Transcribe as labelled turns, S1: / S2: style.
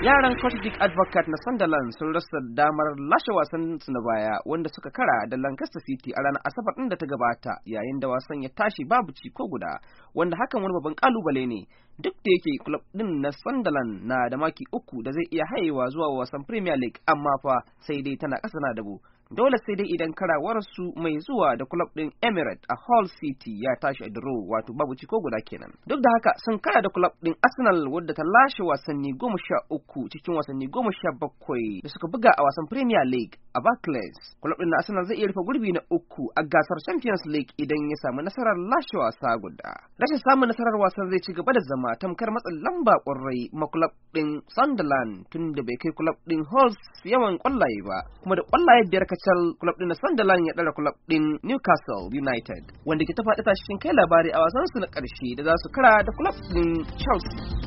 S1: Yaran Celtic Advocate na Sunderland sun rasa damar lashe wasan su na baya wanda suka kara da Lancaster City a ranar Asabar ɗin da ta gabata yayin da wasan ya tashi babu ci ko guda wanda hakan wani babban kalubale ne duk da yake club din na Sunderland na da maki uku da zai iya hayewa zuwa wasan Premier League amma fa sai dai tana kasa na dabo dole sai dai idan karawarsu mai zuwa da club din Emirates a Hull City ya tashi a draw wato babu ci ko guda kenan. Duk da haka sun kara da club din Arsenal wadda ta lashe wasanni goma sha uku cikin wasanni goma sha bakwai da suka buga a wasan Premier League. a Barclays. kulob ɗin na Arsenal zai iya rufe gurbi na uku a gasar Champions League idan ya samu nasarar lashe wasa guda. Rashin samun nasarar wasan zai ci gaba da zama tamkar matsin lamba ƙwarai ma kulob ɗin Sunderland tun da bai kai kulab ɗin Hulls yawan ƙwallaye ba. Kuma da ƙwallaye biyar kacal kulob ɗin na Sunderland ya ɗara kulab ɗin Newcastle United wanda ke ta faɗi tashin kai labari a wasan su na ƙarshe da za su kara da kulob ɗin Chelsea.